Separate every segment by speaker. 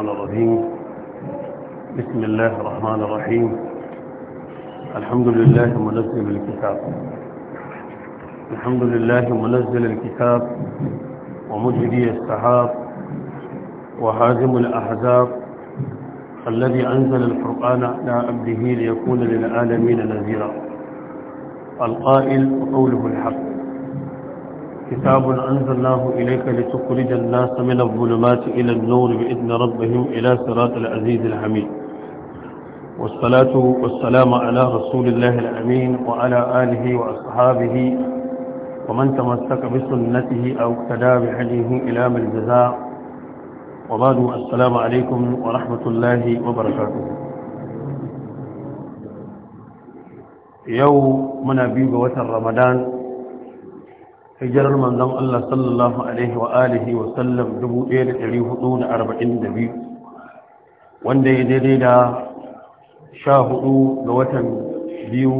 Speaker 1: الرحمن الرحيم بسم الله الرحمن الرحيم الحمد لله منزل الكتاب الحمد لله منزل الكتاب ومجدي السحاب وهازم الأحزاب الذي أنزل القرآن على عبده ليكون للعالمين نذيرا القائل وقوله الحق كتاب أنزلناه إليك لتخرج الناس من الظلمات إلى النور بإذن ربهم إلى صراط العزيز الحميد والصلاة والسلام على رسول الله الأمين وعلى آله وأصحابه ومن تمسك بسنته أو اقتدى بحجه إلى من الجزاء وبعد السلام عليكم ورحمة الله وبركاته يوم منابيب وتر رمضان hijirar manzon Allah sallallahu alaihi wa alihi wa sallam 1442 wanda ya daidai da 14 ga watan biyu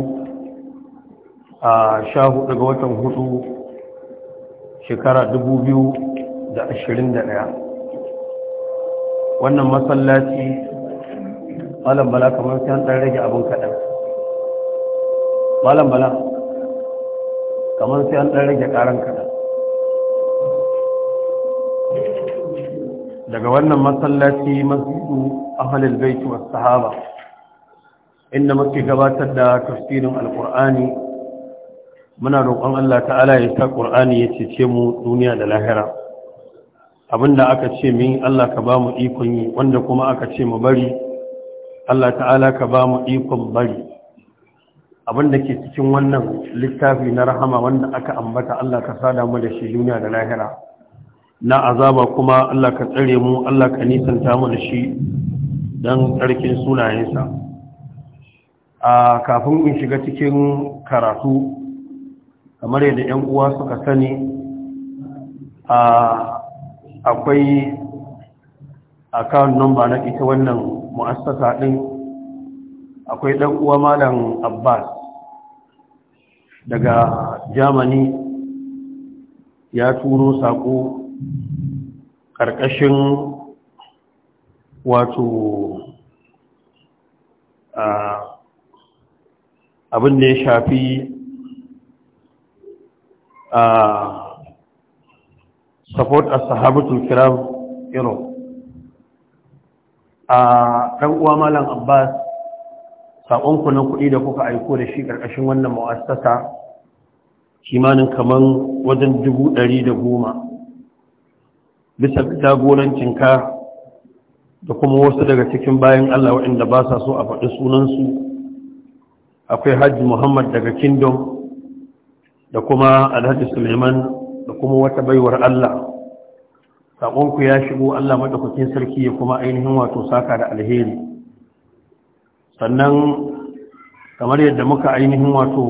Speaker 1: a 14 ga watan hudu shekara 2021 wannan masallaci malam bala kamar kyan ɗan rage abin kaɗan malam bala kamar sai an ɗan rage ƙaran kaɗan daga wannan masallaci masjidu ahalil baiti was sahaba inda muke gabatar da tafsirin alkur'ani muna roƙon Allah ta'ala ya sa qur'ani ya cece mu duniya da lahira abinda aka ce min Allah ka ba mu ikon yi wanda kuma aka ce mu bari Allah ta'ala ka ba mu ikon bari abin da ke cikin wannan littafi na rahama wanda aka ambata Allah ka sada mu da shi duniya da lahira na azaba kuma Allah ka tsare mu Allah ka nisanta mu da shi don tsarkin sunayensa a kafin in shiga cikin karatu kamar yadda 'yan uwa suka sani akwai account number na ita wannan mu'assasa din akwai dan uwa malam Abbas daga Jamani ya turo sako ƙarƙashin wato abin da ya shafi a support a sahabatul kiram europe a ɗan uwa malam abbas saƙonku na kuɗi da kuka aiko da shi ƙarƙashin wannan ma'asasa kimanin kamar wajen dubu ɗari da goma bisa jagorancinka da kuma wasu daga cikin bayan Allah waɗanda ba sa so a faɗi sunansu akwai hajji muhammad daga kingdom da kuma alhaji suleiman da kuma wata baiwar Allah saƙonku ya shigo Allah maɗaukakin sarki ya kuma ainihin wato saka da alheri sannan kamar yadda muka ainihin wato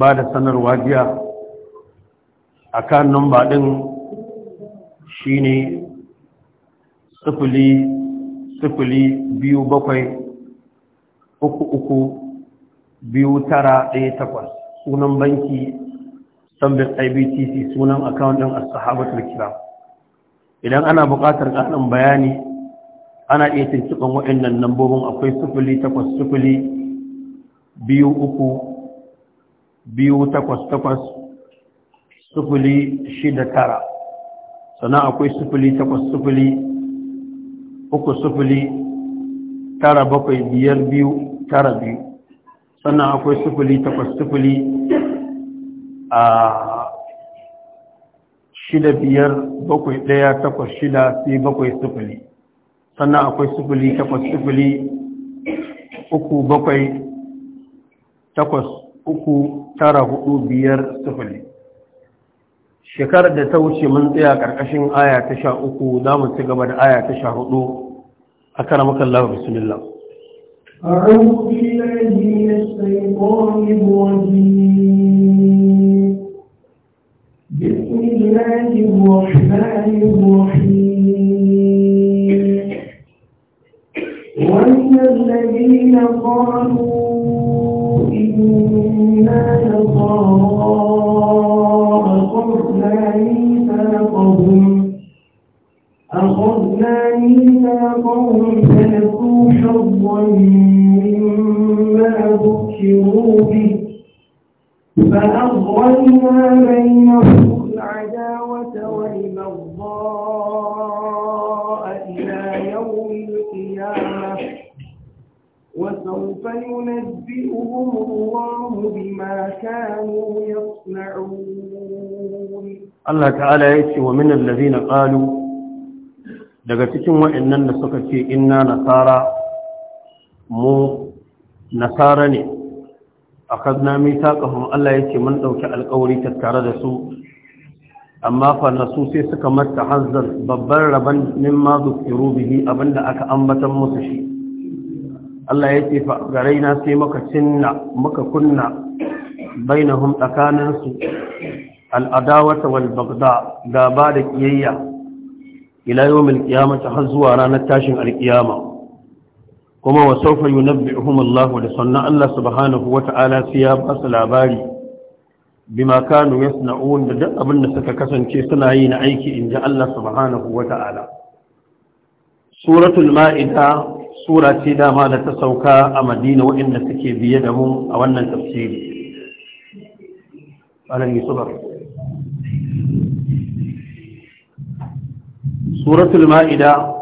Speaker 1: ba da sanarwa jiya a kan ɗin shi ne sifili sifili biyu bakwai uku uku biyu tara ɗaya takwas sunan banki sambin ibtc sunan akawun ɗin a sahabatar kira idan ana buƙatar ƙasar bayani ana iya tuntuɓin waɗannan lambobin akwai sufuli takwas sufuli biyu uku biyu takwas takwas sufuli shida tara sannan akwai sufuli takwas sufuli uku sufuli tara bakwai biyar biyu tara biyu sannan akwai sufuli takwas sufuli a shida biyar bakwai ɗaya takwas shida sai bakwai sufuli sannan akwai sifili takwas sifili uku bakwai takwas uku tara hudu biyar sifili shekarar da ta wuce mun tsaya ƙarƙashin aya ta sha uku za mu ci gaba da aya ta sha hudu a karamakan lafi bismillah أعوذ بسم الله الرحمن الرحيم الذين قالوا إنا نصارى أخذنا ميثاقهم أخذنا ميثاقهم فنسوا حظا مما ذكروا به فأغوينا من وسوف ينبئهم الله بما كانوا يصنعون الله تعالى يتي ومن الذين قالوا daga cikin wa'annan da suka ce inna nasara mu nasara ne akadna mithaqahum Allah ce mun ɗauki alƙawari tattare da su amma fa sai suka mata hazzar babban rabon mimma zukiru abin abinda aka ambatan musu shi Allah ya ce fa garaina sai maka cinna maka kunna bainahum tsakaninsu al'adawata wal bagda gaba da kiyayya ila yawmil qiyamati har zuwa ranar tashin alkiyama kuma wa sawfa yunabbi'uhum Allah da sanna Allah subhanahu ta'ala sai ya ba su labari bima kanu yasna'un da duk abin da suka kasance suna yi na aiki inji Allah subhanahu wata'ala suratul ma'ida sura ce dama da ta sauka a madina waɗanda suke biye da mu a wannan tafsiri alayhi subar suratul ma'ida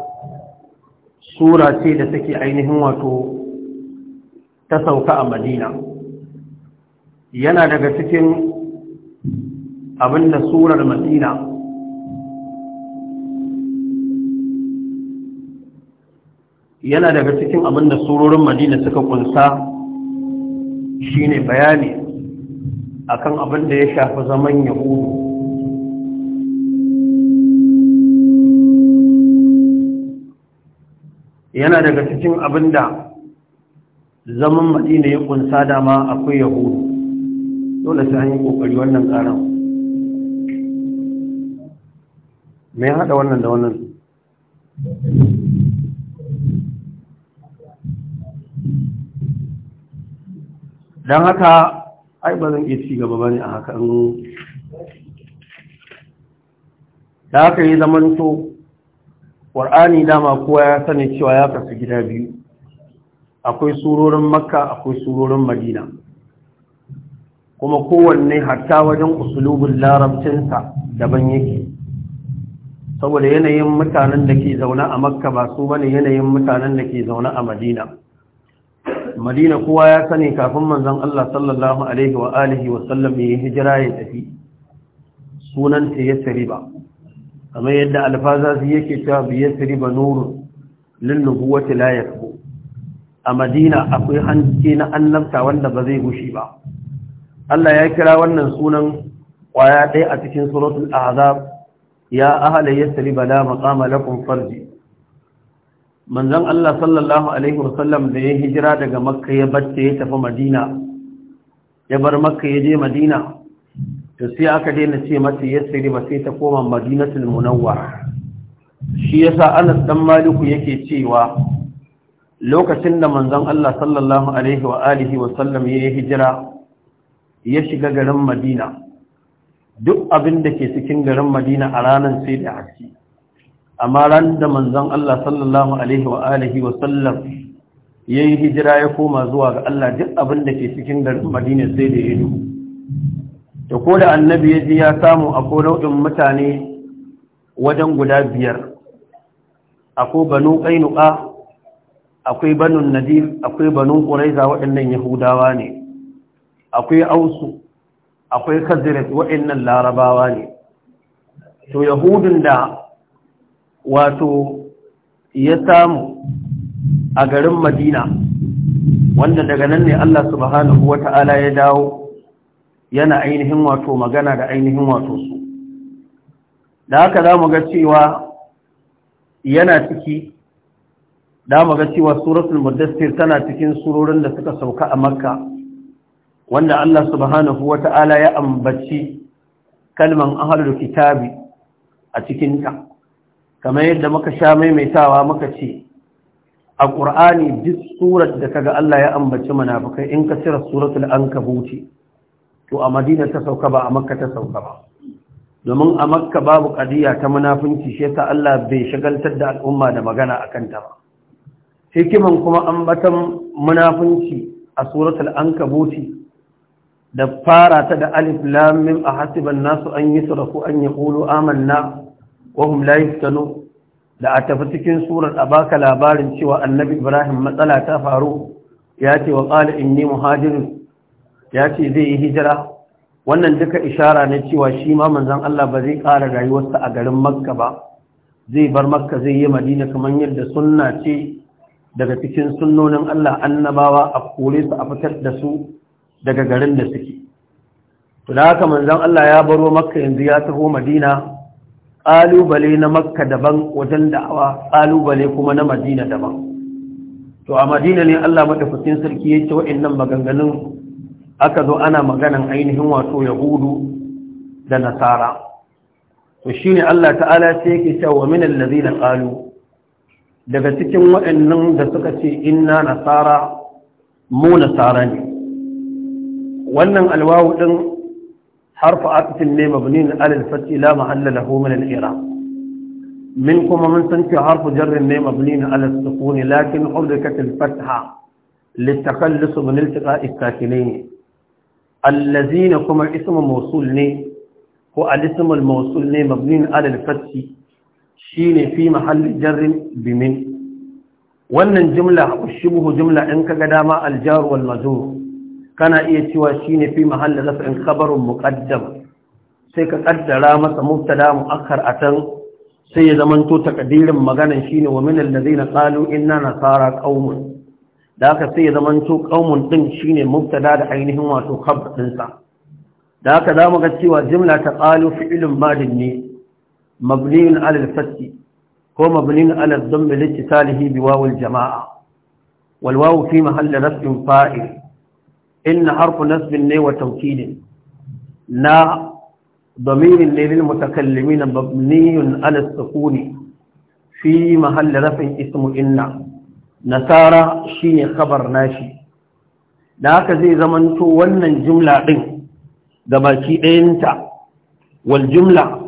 Speaker 1: sura ce da take ainihin wato ta sauka a madina yana daga cikin da surar madina yana daga cikin abin da surorin madina suka kunsa shine bayani akan abin da ya shafi zaman yahudu yana daga cikin abin da zaman madina ya kunsa dama akwai yahudu dole sai an yi kokari wannan tsarin mai haɗa wannan da wannan don haka ai ba zan iya ci gaba ba ne a haka da haka yi zaman so ƙwar'ani dama kowa ya sani cewa ya kasu gida biyu akwai surorin makka akwai surorin madina kuma kowanne hatta wajen usulubin larabcinsa daban yake saboda yanayin mutanen da ke zaune a makka ba su bane yanayin mutanen da ke zaune a madina madina kowa ya sani kafin manzon Allah sallallahu alaihi wa alihi wa sallam ya hijira ya tafi sunan ta yasriba kamar yadda alfazazi yake cewa bi yasriba nurun lin nubuwati la yakbu a madina akwai hanci na annabta wanda ba zai gushi ba Allah ya kira wannan sunan kwaya ɗaya a cikin suratul ahzab ya ahla yasriba la maqama lakum farji manzon Allah sallallahu alaihi wasallam da ya hijira daga makka ya bacce ya tafi madina ya bar makka ya je madina to sai aka daina ce mata yasri ba sai ta koma madinatul munawwar shi yasa Anas dan Maliku yake cewa lokacin da manzon Allah sallallahu alaihi wa alihi wasallam ya hijira ya shiga garin Madina duk abin da ke cikin garin Madina a ranar sai da haske amma ran da manzon Allah sallallahu alaihi wa alihi wa sallam yayi hijira ya koma zuwa ga Allah duk abin da ke cikin garin Madina sai da ido to ko da annabi ya ji ya samu akwai nau'in mutane wajen guda biyar akwai banu qainuqa akwai banu nadir akwai banu quraiza waɗannan yahudawa ne akwai ausu akwai khazirat waɗannan larabawa ne to yahudun da wato ya samu a garin madina wanda daga nan ne Allah subhanahu wa ta'ala ya dawo yana ainihin wato magana da ainihin wato su da haka za mu ga cewa yana ciki da mu ga cewa suratul mudassir tana cikin surorin da suka sauka a makka wanda Allah subhanahu wa ta'ala ya ambaci kalman ahlul kitabi a cikinta kamar yadda muka sha maimaitawa muka ce a ƙur'ani duk surar da kaga Allah ya ambaci munafikai in ka cire suratul ankabuti to a madina ta sauka ba a makka ta sauka ba domin a makka babu kadiya ta munafunci shi yasa Allah bai shagaltar da al'umma da magana akan ta ba hikiman kuma ambatan munafunci a suratul ankabuti da fara ta da alif lam mim ahasiban nasu an yusrafu an yaqulu amanna wahum la yuftanu da a tafi cikin surar a baka labarin cewa annabi ibrahim matsala ta faru ya ce wa qala inni muhajirin? ya ce zai yi hijira wannan duka ishara ne cewa shi ma manzon Allah ba zai ƙara rayuwarsa a garin makka ba zai bar makka zai yi madina kamar yadda sunna ce daga cikin sunnonin Allah annabawa a kore su a fitar da su daga garin da suke to da haka manzon Allah ya baro makka yanzu ya taho madina ƙalubale na makka daban wajen da'awa ƙalubale kuma na madina daban to a madina ne allah maɗaukacin sarki ya ce waɗannan maganganun aka zo ana maganan ainihin wato yahudu da nasara to shi ne allah ta'ala ce yake cewa min allazi na ƙalu daga cikin waɗannan da suka ce inna nasara mu nasara ne wannan alwawu ɗin harfu atfin ne mabnin alal fati la mahalla lahu min min kuma mun san cewa harfu jarrin ne mabnin alal sukun lakin hurrikat fatha للتخلص من التقاء الساكنين الذين كما اسم موصول ني هو الاسم الموصول ني مبني على الفتح شين في محل جر بمن wannan jumla shubuhu jumla in ga dama aljar wal kana iya cewa shine fi mahallin raf'in khabarun muqaddam sai ka kaddara masa mubtada muakkar atan sai ya zamanto takdirin maganan shine wa min allazina qalu na nasara qaumun da aka sai ya zamanto qaumun ɗin shine mubtada da ainihin wato khabar din sa da haka zamu ga cewa jimla ta qalu fi'lun madin ne mabniun ala al ko mabniun ala al-dhamm li jamaa wal fi mahall raf'in fa'il inna harfu nasbin ne wa taukidin na ضمير للمتكلمين مبني على السكون في محل rafin اسم إن نسارى شين خبر nashi. da haka zai zamanto wannan jumla ɗin da baki ɗayanta wal jumla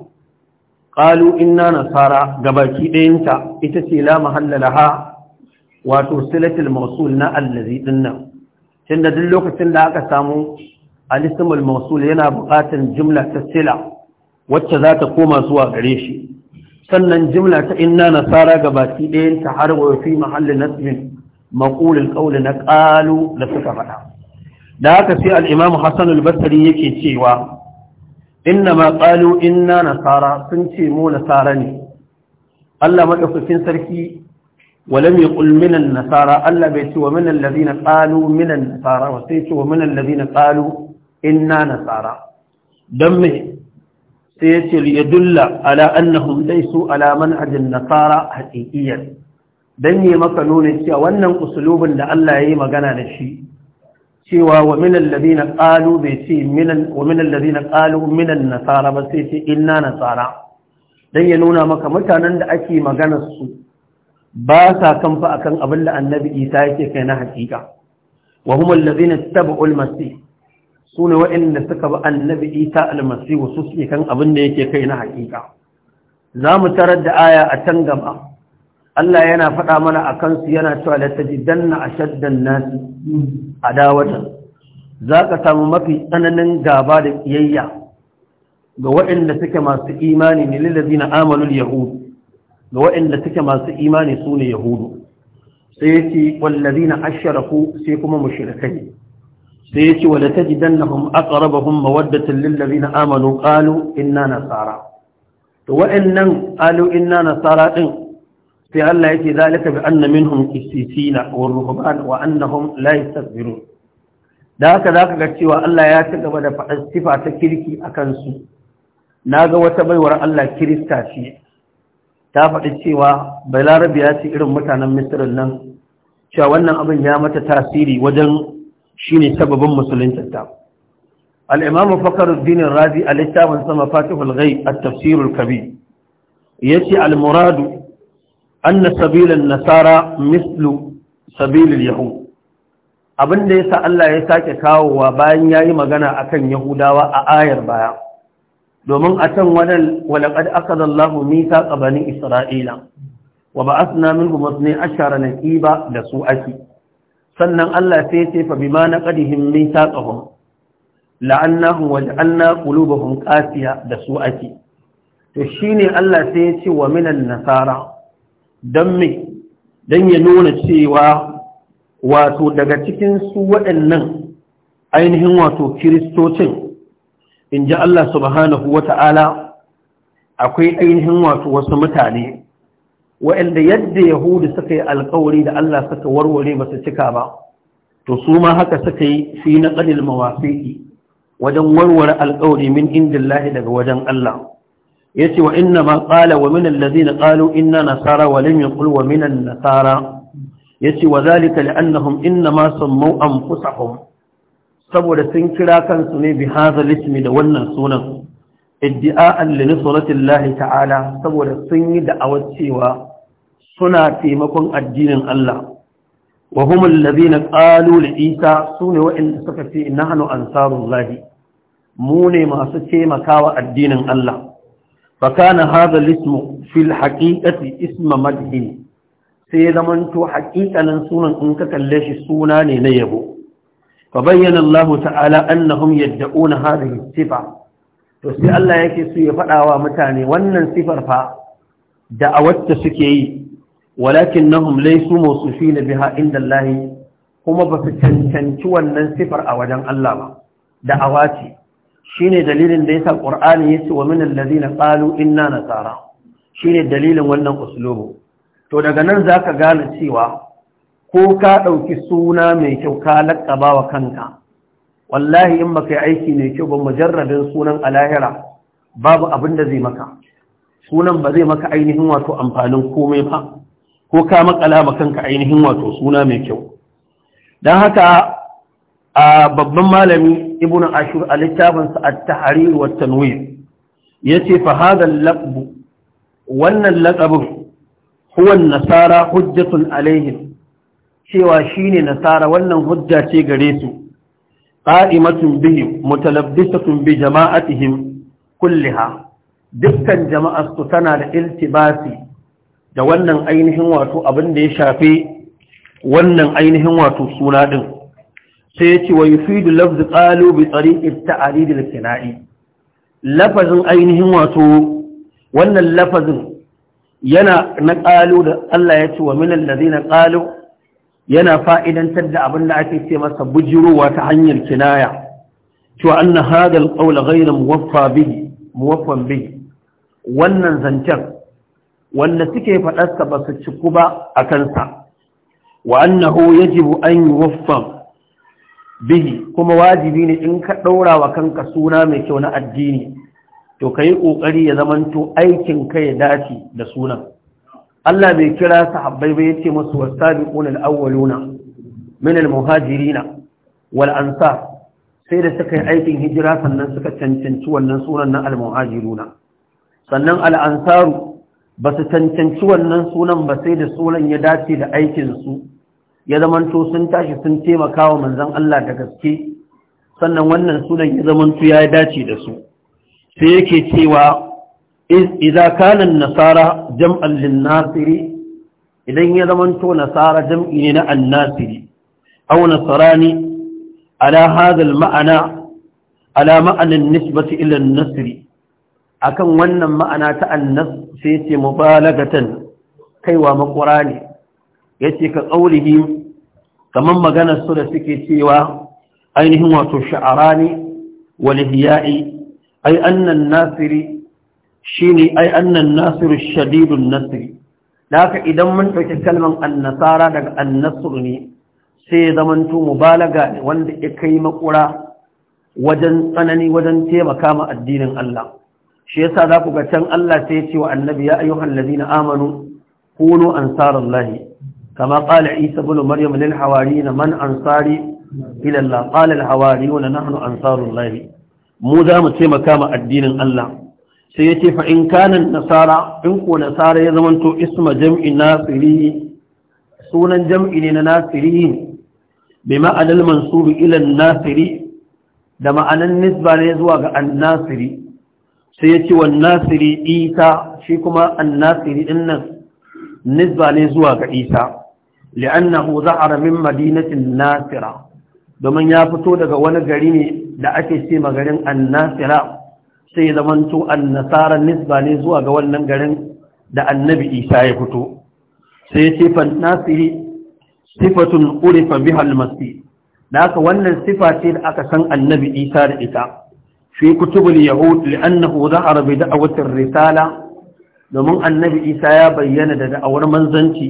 Speaker 1: ƙalu inna nasara ga baki ɗayanta ita ce la mahallalaha wato silatul mausul na allazi dinnan. tunda duk lokacin da aka samu al-ismul yana buƙatar jimla ta sila wacce za ta koma zuwa gare shi sannan jimla ta inna nasara ga baki ɗayan ta har wa fi mahallin nasbin maqulul na ƙalu da suka faɗa da haka sai al Hassan al yake cewa inna ma qalu inna nasara sun ce mu nasara ne Allah madaukakin sarki ولم يقل من النصارى ألا بيت ومن الذين قالوا من النصارى وسيت ومن الذين قالوا إنا نصارى دمه سيت ليدل على أنهم ليسوا على منهج النصارى حقيقيا دني مكنون سوى وأن أسلوب لألا يمغنى نشي سوى ومن الذين قالوا بيتي من ومن الذين قالوا من النصارى وسيت إنا نصارى دني نونا مكا متى نند أكي مغنى السوء ba sa kamfa akan abin da annabi isa yake kai na hakika wa na ladina tabu'ul masih sune waɗanda suka ba annabi isa almasi wasu suke kan abin da yake kai na hakika zamu tarar da aya a can gaba Allah yana faɗa mana a kansu yana cewa la tajidanna a dawata. Za zaka samu mafi tsananin gaba da kiyayya ga waɗanda suke masu imani ne lillazina amalul yahud ga waɗanda suke masu imani su ne yahudu sai ya ce wallazi na asharaku sai kuma mushrikai sai ya ce wala tajidannahum aqrabahum mawaddatan lil ladina amanu qalu inna nasara to waɗannan qalu inna nasara din sai Allah yake zalika bi anna minhum qissisina wa ruhban wa annahum la yastakbirun da haka zaka ga cewa Allah ya ci gaba da faɗa sifa ta kirki akan su naga wata baiwar Allah kirista ce ta faɗi cewa balarabe ya ce irin mutanen misirin nan cewa wannan abin ya mata tasiri wajen shi ne sababin musuluncinta al'imamu fakaruddin razi a littafin sama fatihul gai a tafsirul kabi ya ce al-muradu anna sabilin nasara mislu sabilin yahu. Abinda ya sa Allah ya sake kawowa bayan ya yi magana a kan Yahudawa a ayar baya domin a can wadan walaƙad akadallahu mita ƙabanin isra'ila wa ba a suna min gumasne ashara na ƙiba da su ake sannan allah sai ce fa bi ma na ƙadihin mita ƙahun la'annahun waje'anna ƙulubahun ƙasiya da su ake to shi ne allah sai ce wa minan nasara don me don ya nuna cewa wato daga cikin su waɗannan ainihin wato kiristocin in ji Allah subhanahu wa ta'ala akwai ainihin wato wasu mutane wa'anda yadda yahudu suka yi alkawari da Allah suka warware ba su cika ba to su ma haka suka yi fi na ƙadil mawafiƙi wajen warware alkawari min indillahi daga wajen Allah ya ce wa inna ma ƙala wa minan lazi na ƙalu inna nasara wa lim yaqul wa minan nasara ya ce wa zalika li'annahum inna ma sammau anfusahum saboda sun kira kansu ne bi hazal ismi da wannan sunan iddi'a'an li nusratillahi ta'ala saboda sun yi da'awar cewa suna taimakon addinin Allah wa hum alladhina qalu li isa sune wa'inda suka ce nahnu ansarullahi mu ne masu taimakawa addinin Allah fa kana hadha al-ismu fil haqiqati isma madhi sai zamanto haƙiƙanin sunan in ka kalle shi suna ne na yabo فبين الله تعالى أنهم يدعون هذه sai Allah الله يكي سي faɗawa mutane wannan sifar fa da'awatta suke yi walakinnahum laysu na biha inda Allah kuma ba su cancanci wannan sifar a wajen Allah ba da'awa ce shine dalilin da yasa Qur'ani yace wa min allazina qalu inna nasara shine dalilin wannan uslubu to daga nan zaka gane cewa ko ka ɗauki suna mai kyau ka laƙaba wa kanka wallahi in baka yi aiki mai kyau ba mujarrabin sunan a babu abin da zai maka sunan ba zai maka ainihin wato amfanin komai ba ko ka maƙala ma kanka ainihin wato suna mai kyau don haka a babban malami ibn ashur a littafinsa at-tahrir wa tanwir ce fa hadha wannan laƙabin, huwan nasara hujjatun alaihim cewa shi ne nasara wannan hujja ce gare su qa'imatun bihim mutalabbisatun bi jama'atihim kulliha dukkan jama'ar su tana da iltibasi da wannan ainihin wato abin da ya shafe wannan ainihin wato suna ɗin. sai ya ce wa yufidu lafzi qalu bi tariqi ta'rid al-kina'i lafazin ainihin wato wannan lafazin yana na qalu da Allah ya ce wa min alladhina qalu yana fa'idantar da abin da ake ce masa bujirowa ta hanyar kinaya cewa an na hadal ƙaula gaira muwaffan bihi wannan zancen wanda suke faɗarsa ba su ciku ba a kansa wa annahu yajibu an yuwaffan bihi kuma wajibi ne in ka ɗaura wa kanka suna mai kyau na addini to ka yi ƙoƙari ya zamanto aikin ka ya dace da sunan Allah bai kira sahabbai ba yace musu wasabiquna al-awwaluna min al-muhajirina wal ansar sai da suka yi aikin hijira sannan suka cancanci wannan sunan na al-muhajiruna sannan Al'ansaru ba su cancanci wannan sunan ba sai da sunan ya dace da aikin su ya zamanto sun tashi sun taimakawa manzon Allah da gaske sannan wannan sunan ya zamanto ya dace da su sai yake cewa idan kanan nasara jam’an linnasiri idan ya zama to nasara jam’i ne na annasiri au nasara ne ala hazal ma’ana ala ma’anin nisbati ilan nasiri Akan wannan ma’ana ta annas sai ce mubalagatan kaiwa makwara ne ya ce ka tsaurihi kamar maganar su da suke cewa ainihin wato sha’ara ne wani hiyayi ai annan nasiri ne ai annan nasiru shadidun nasiri da haka idan mun ɗauki kalman annasara daga annasiru ne sai zamanto balaga ne wanda ya kai makura wajen tsanani wajen taimaka ma addinin Allah shi yasa za ku ga can Allah sai ya ce wa annabi ya ayyuhan amanu kunu ansarallahi kama qala isa ibn maryam lil hawarin man ansari ila Allah qala al hawariyuna nahnu ansarullahi mu za mu taimaka ma addinin Allah sai ya ce fa in nasara in ko nasara ya zamanto isma jam'i nasiri sunan jam'i ne na nasiri bi ma'anal mansubi ilan nasiri da ma'anan nisba ne zuwa ga annasiri sai ya ce wan nasiri isa shi kuma annasiri din nan nisba ne zuwa ga isa li'annahu za'ara min madinatin nasira domin ya fito daga wani gari ne da ake ce magarin annasira sai zamanto annasara nisba ne zuwa ga wannan garin da annabi isa ya fito sai sifan fannasiri sifatun urifa biha almasi da aka wannan sifa ce da aka san annabi isa da ita fi kutubul yahud li'annahu zahara bi da'awatir risala domin annabi isa ya bayyana da da'awar manzanci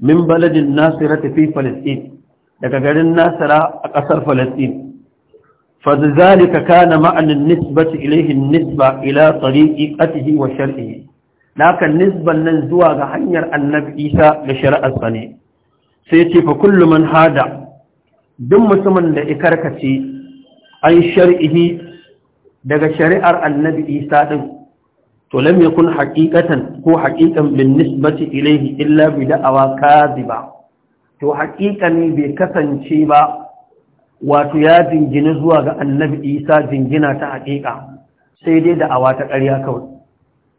Speaker 1: min baladin nasira fi falastin daga garin nasira a ƙasar falastin فذلك كان معنى النسبة إليه النسبة إلى طريقته وشرعه لكن نسبة ننزوها غحنير النبي إيسى لشرع الصنيع سيتي فكل من هذا دم سمن لإكركتي عن شرعه دغ شرع النبي إيسى ولم يكن حقيقة هو حقيقة بالنسبة إليه إلا بدعوى كاذبة تو حقيقة بكثن شيبا wato ya jingini zuwa ga annabi isa jingina ta haƙiƙa sai dai da awa ta ƙarya kawai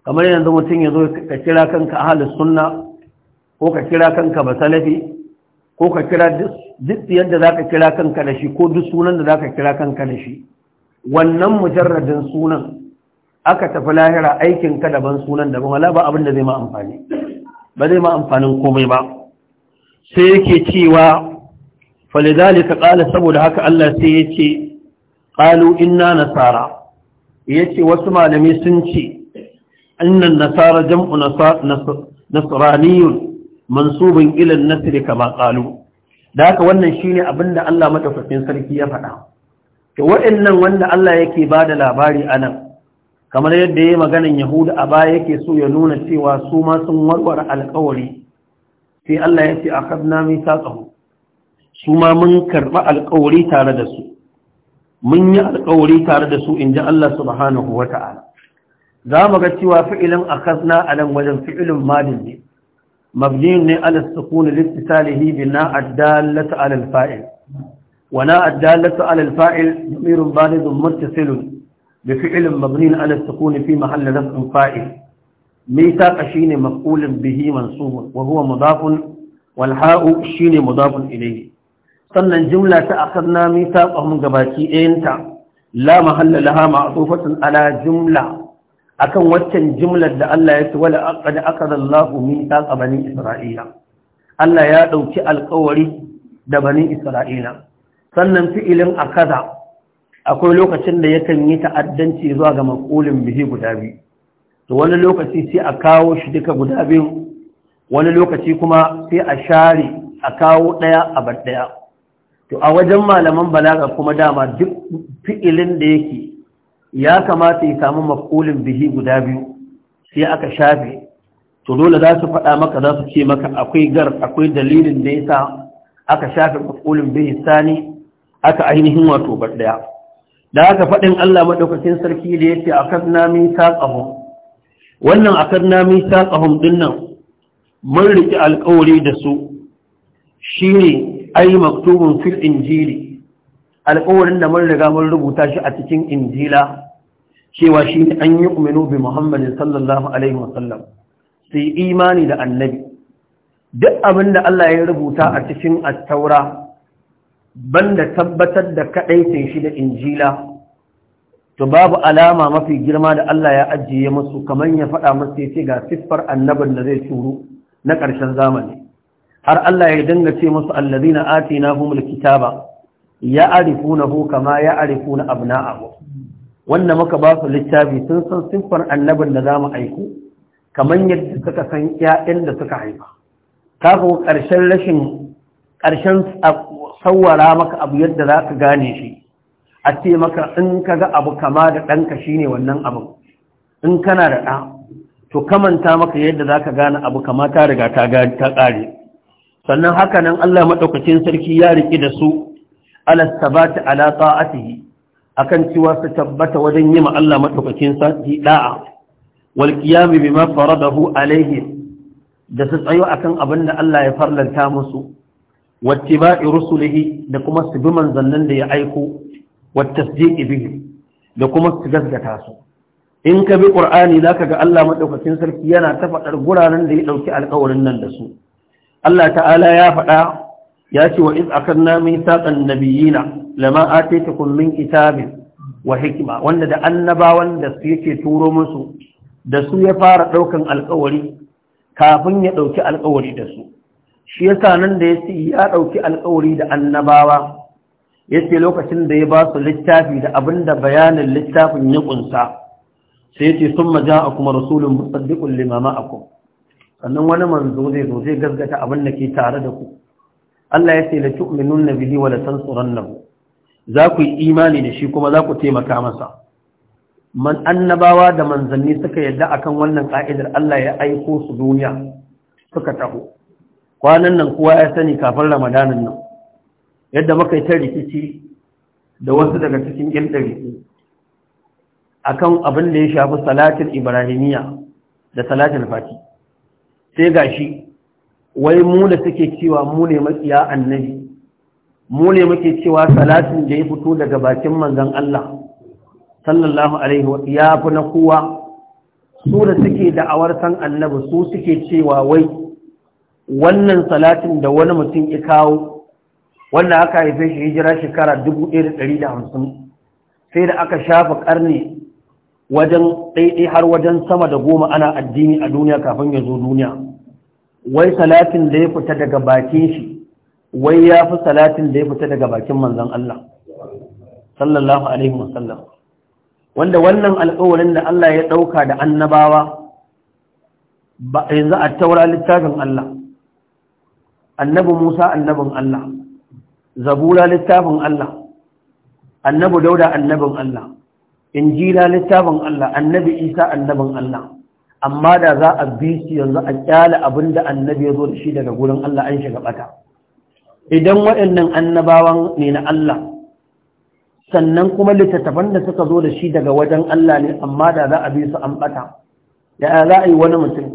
Speaker 1: kamar yanzu mutum ya zo ka kira kanka ahalus sunna ko ka kira kanka basalafi ko ka kira duk yadda za ka kira kanka da shi ko duk sunan da za ka kira kanka da shi wannan mujarradin sunan aka tafi lahira aikinka daban sunan daban wala ba abin da zai ma amfani ba zai ma amfanin komai ba sai yake cewa ka qala saboda haka Allah sai yace qalu inna nasara ce wasu malami sun ce annan nasara jam'u nasraniyun mansubun ila an kama ƙalu. da haka wannan shine abinda Allah madaukakin sarki ya faɗa to waɗannan wanda Allah yake bada labari a nan, kamar yadda ya yi maganin yahuda a baya yake so ya nuna cewa su ma sun warware alkawari sai Allah ya ce a kabna mai saƙahu su ma mun karɓi alƙawari tare da su mun yi alƙawari tare da su in ji Allah subhanahu wa ta'ala za mu ga cewa fi'ilin akhazna a nan wajen fi'ilin madin ne mabniyin ne ala sukuni littisalihi bi na addalata ala alfa'il wa na addalata ala alfa'il damirun balidun muttasilun bi fi'ilin mabniyin ala sukuni fi mahalla nafsin fa'il Mai mitaqa shine maf'ulun bihi mansubun wa huwa mudafun Walha'u shi ne mudafun ilayhi sannan jimla ta akhadna mithaqahum gabaki ɗayanta la hama a ma'tufatun ala jumla akan waccan jimlar da Allah ya wani wala aqad akada Allahu a bani Isra'ila Allah ya ɗauki alƙawari da bani Isra'ila sannan fi'ilin akada akwai lokacin da yakan yi ta'addanci zuwa ga makulin bihi guda biyu to wani lokaci sai a kawo shi duka guda biyu wani lokaci kuma sai a share a kawo ɗaya a bar ɗaya to a wajen malaman balaga kuma dama duk fi'ilin da yake ya kamata ya samu maf'ulin bihi guda biyu sai aka shafe to dole za su faɗa maka za su ce maka akwai gar akwai dalilin da yasa aka shafe maf'ulin bihi sani aka ainihin wato bar daya da aka faɗin Allah madaukakin sarki da yace kan nami saqahum wannan akadna nami saqahum dinnan mun riki alƙawari da su shine ai maktubun fil injili alƙawarin da mun riga mun rubuta shi a cikin injila cewa shi ne an yi bi muhammadin sallallahu alaihi wasallam su yi imani da annabi duk abin da Allah ya rubuta a cikin attaura banda tabbatar da kaɗaitin shi da injila to babu alama mafi girma da Allah ya ajiye musu kamar ya faɗa musu ya ce ga siffar annabin da zai turu na ƙarshen zamani har Allah ya danga ce musu allazina atinahumul kitaba ya'rifunahu kama ya'rifuna abna'ahum Wannan muka ba su littafi sun san siffar annabin da zamu aiko kamar yadda suka san ƴaƴan da suka haifa kafin ƙarshen rashin ƙarshen sawwara maka abu yadda za ka gane shi a ce maka in ka ga abu kama da ɗanka shine wannan abin in kana da ɗa to kamanta maka yadda za ka gane abu kama ta riga ta ƙare sannan haka nan Allah maɗaukacin sarki ya riƙe da su alastabata ala a akan cewa su tabbata wajen yi ma Allah maɗaukacin sarki da'a wal qiyam da hu alaihi da su tsayo akan abin da Allah ya farlanta musu wattiba'i rusulihi da kuma su bi manzannin da ya aiko wattasdiqi bi da kuma su gaskata su in ka bi za zaka ga Allah maɗaukacin sarki yana ta faɗar guraren da ya ɗauki alƙawarin nan da su Allah ta'ala ya faɗa ya ce wa iz akanna min saqan nabiyina lama ataitukum min kitabin wa hikima. wanda da annabawan da su yake turo musu da su ya fara ɗaukan alƙawari kafin ya ɗauki alƙawari da su shi yasa nan da ya ci ya ɗauki alƙawari da annabawa yace lokacin da ya ba su littafi da abin da bayanin littafin ya ƙunsa, sai yace a kuma rasulun Limama a ma'akum sannan wani manzo zai zo zai gaskata abin da ke tare da ku Allah ya ce la tu'minun bihi wa la tansurunnahu za ku yi imani da shi kuma za ku taimaka masa man annabawa da manzanni suka yadda akan wannan ka'idar Allah ya aiko su duniya suka taho kwanan nan kowa ya sani kafin ramadanin nan yadda muka yi ta rikici da wasu daga cikin yan ɗariƙi akan abin da ya shafi salatin ibrahimiya da salatin fati sai ga shi, wai mu suke cewa mu ne annabi mu muke cewa salatin da ya fito daga bakin manzan Allah sallallahu alaihi wa ya fi na kowa su da suke da'awar san annabi su suke cewa wai wannan salatin da wani mutum ya kawo wanda aka haife shi hijira shekara 1150 sai da aka shafa karni wajen ɗaiɗai har wajen sama da goma ana addini a duniya kafin ya zo duniya wai salatin da ya fita daga bakin shi wai ya fi salatin da ya fita daga bakin manzan Allah sallallahu alaihi wasallam wanda wannan alƙawarin da Allah ya ɗauka da annabawa ba yanzu a taura littafin Allah annabi Musa annabin Allah zabura littafin Allah annabi dauda annabin Allah injila littafin Allah annabi Isa annabin Allah amma da za a bi su yanzu a kyala abin da annabi ya zo da shi daga gurin Allah an shiga bata idan waɗannan annabawan ne na Allah sannan kuma littattafan da suka zo da shi daga wajen Allah ne amma da za a bi su an bata da za a yi wani mutum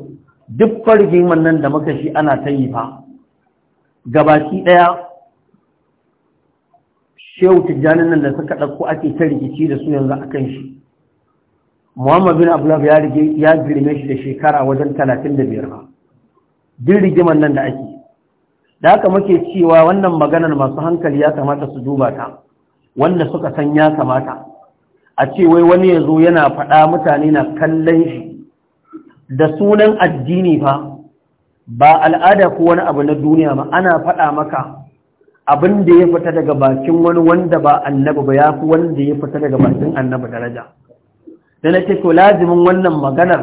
Speaker 1: duk farkin wannan da muka shi ana ta yi fa gabaki ɗaya shehu tijjanin nan da suka ɗauko ake ta rikici da su yanzu akan shi muhammad bin abdullahi ya rige ya girme shi da shekara wajen talatin da biyar nan da ake da haka muke cewa wannan maganar masu hankali ya kamata su duba ta wanda suka san ya kamata a ce wai wani ya zo yana faɗa mutane na kallon shi da sunan addini fa ba al'ada ko wani abu na duniya ba ana faɗa maka abin da ya fita daga bakin wani wanda ba annabi ba ya fi wanda ya fita daga bakin annabi daraja da na ce to lazimin wannan maganar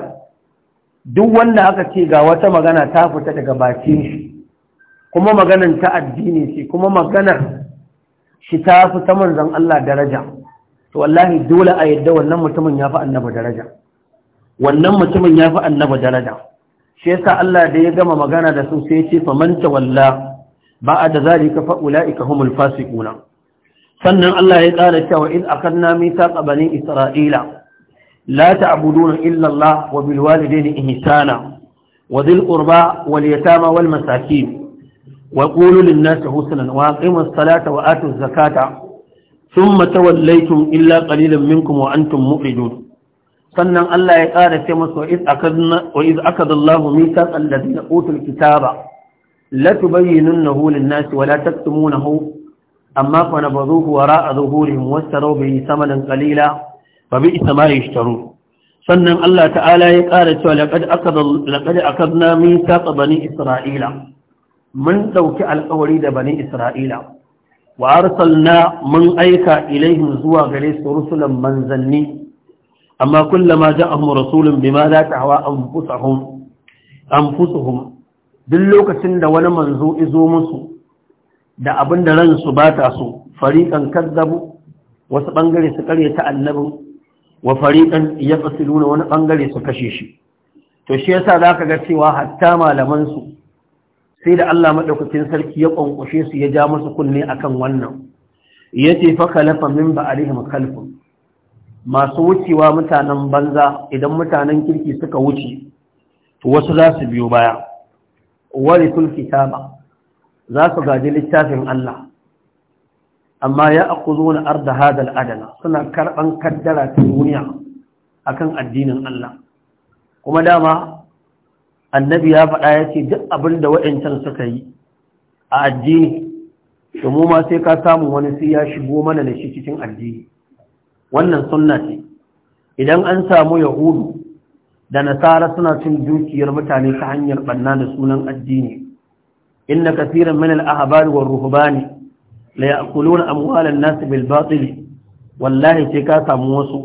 Speaker 1: duk wanda aka ce ga wata magana ta fita daga bakin shi kuma maganar ta addini ce kuma maganar shi ta fi manzan Allah daraja to wallahi dole a yadda wannan mutumin ya fi annaba daraja wannan mutumin ya fi annaba daraja shi yasa Allah da ya gama magana da su sai ce fa man tawalla ba'da zalika fa ulaika humul fasiquna sannan Allah ya tsara cewa in akanna mithaqa bani isra'ila لا تعبدون إلا الله وبالوالدين إحسانا وذي القربى واليتامى والمساكين وقولوا للناس حسنا وأقيموا الصلاة وآتوا الزكاة ثم توليتم إلا قليلا منكم وأنتم مؤردون sannan Allah ya ƙara ce masu wa iz akada Allah mitaq alladhina utul kitaba la tubayyinunahu lin-nasi wa la taktumunahu amma fa nabadhuhu wara'a dhuhurihim wastaru bihi thamanan Ba bi isa ma yashtaru sannan Allah ta'ala ya ƙara cewa laqad a laqad akadna min bani isra'ila mun ɗauki alƙawari da bani isra'ila wa na mun aika ilaihim zuwa gare su rusulan manzanni amma kullama ja'ahum rasulun bima la ta'wa anfusuhum anfusuhum duk lokacin da wani manzo izo musu da abin da ransu ba ta so fariƙan kazzabu wasu ɓangare su ƙarya ta annabin wa fariqan yaqtuluna wani bangare su kashe shi to shi yasa zaka ga cewa hatta malaman su sai da Allah madaukakin sarki ya kwankwashe su ya ja musu kunne akan wannan yace fa khalafa min ba'alihim khalfun masu wucewa mutanen banza idan mutanen kirki suka wuce to wasu za su biyo baya warisul kitaba za su gaji littafin Allah amma ya akuzo na arda hadal adana suna karɓan kaddara ta duniya akan addinin Allah kuma dama annabi ya faɗa ya ce duk abin da wa'yancan suka yi a addini to mu ma sai ka samu wani sai ya shigo mana da shi cikin addini wannan sunna ce idan an samu yahudu da nasara suna cin dukiyar mutane ta hanyar banna da sunan addini inna kaseeran min al-ahbari war ruhbani la ya'kuluna amwalan nas bil batil wallahi sai ka samu wasu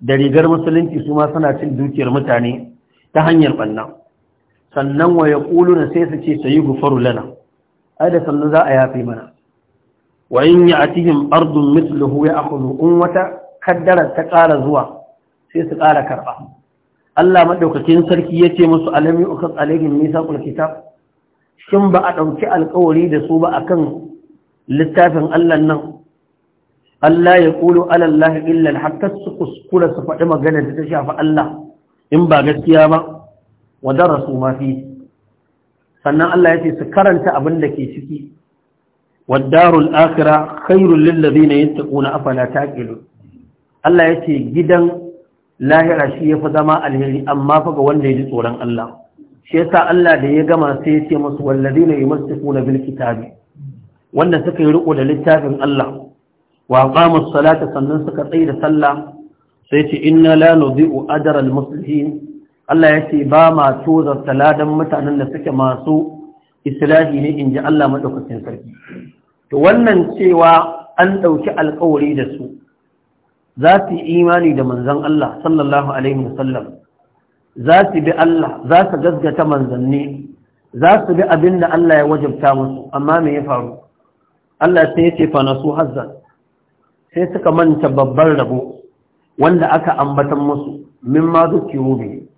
Speaker 1: da rigar musulunci su ma suna cin dukiyar mutane ta hanyar banna sannan wa yaquluna sai su ce sayi gufaru lana ai da sannan za a yafe mana wa in ya'tihim ardun mithluhu ya'khudhu in wata kaddara ta ƙara zuwa sai su ƙara karɓa Allah maɗaukakin sarki ya ce musu alami ukas alaihin nisa kitab shin ba a ɗauki alƙawari da su ba akan littafin Allah nan Allah ya ƙulu alallahi illal hatta su kuskura su faɗi magana da ta shafi Allah in ba gaskiya ba wa rasu mafi. sannan Allah ya ce su karanta abin da ke ciki waddarul akira khairul lil ladina yattaquna afala taqilun Allah ya ce gidan lahira shi yafi zama alheri amma fa ga wanda ya ji tsoron Allah shi yasa Allah da ya gama sai ya ce musu wal masu yumsikuna bil kitabi wanda suka yi riko da littafin Allah wa qamu salata sannan suka tsai da sallah sai ce inna la nudhi'u ajra al-muslimin Allah ya ce ba ma tozar taladan mutanen da suke masu islahi ne inji Allah madaukakin sarki to wannan cewa an dauki alƙawari da su za su imani da manzon Allah sallallahu alaihi wasallam za su bi Allah za su gaskata manzanni za su bi abin da Allah ya wajabta musu amma me ya faru Allah sai ya ce fa nasu hazzan sai suka manta babban rabo wanda aka ambatan musu ma zukiru bi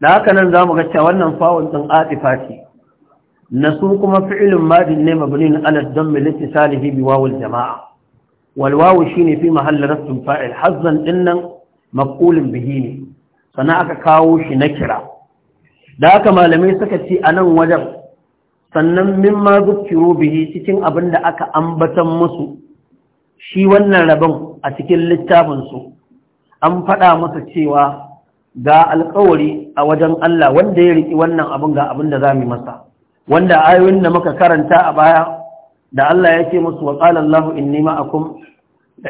Speaker 1: da haka nan zamu ga cewa wannan fawon din atifa ce nasu kuma fi'ilin madin ne mabnin ala dammi litisalihi bi wawul jama'a Walwawu shine fi mahalli rafin fa'il hazzan nan maqulun bihi ne sana aka kawo shi na kira da haka malamai suka ce anan wajen sannan mimma zukiro bihi cikin abin da aka ambatan musu shi wannan rabon a cikin littafinsu an faɗa masa cewa ga alkawari a wajen Allah wanda ya riƙi wannan abin ga abin da za mu masa wanda ayoyin da muka karanta a baya da Allah ya ce musu wa qala Allahu inni ma'akum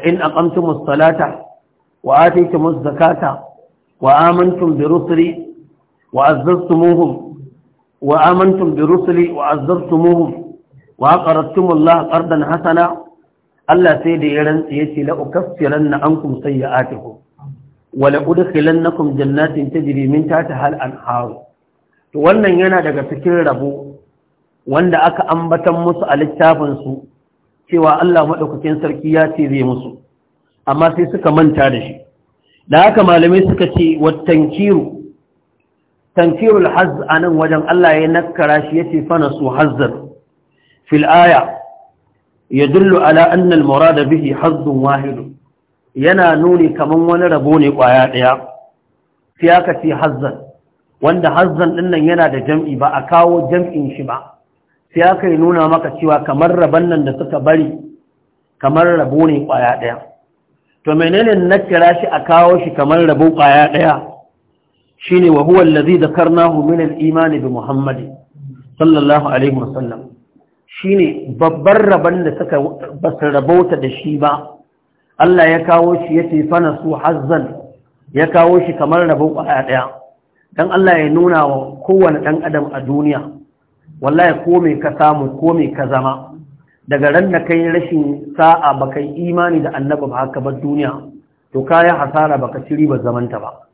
Speaker 1: in aqamtumus salata wa ataytumuz zakata wa amantum bi rusuli wa azzaztumuhum wa amantum bi rusuli wa azzartumuhum wa aqradtum Allah qardan hasana Allah sai da ya rantsa yace la ukaffiranna ankum sayyi'atikum wa la udkhilannakum jannatin tajri min tahtiha al-anhar to wannan yana daga cikin rabo wanda aka ambatar musu a littafin su cewa Allah madaukakin sarki ya ce musu amma sai suka manta da shi da haka malamai suka ce wattankiru tanfirul a nan wajen Allah ya nakkara shi yace fana su hazzar fil ya yadullu ala anna al murad bihi hazzun wahid yana nuni kaman wani rabo ne kwaya daya sai aka ce wanda hazan din yana da jam'i ba a kawo jam'in shi ba sai aka nuna maka cewa kamar raban nan da suka bari kamar rabo ne kwaya daya to menene nakkara shi a kawo shi kamar rabo kwaya daya shine wa huwa allazi da min al-iman bi muhammadi sallallahu alaihi wasallam shine babbar rabon da suka basu rabauta da shi ba Allah ya kawo shi yace fana su hazzan ya kawo shi kamar rabon kwaya daya dan Allah ya nuna wa kowane dan adam a duniya wallahi ko me ka samu ko me ka zama daga ran da kai rashin sa'a baka imani da annabi ba haka ba duniya to kai hasara baka ciri ba zamanta ba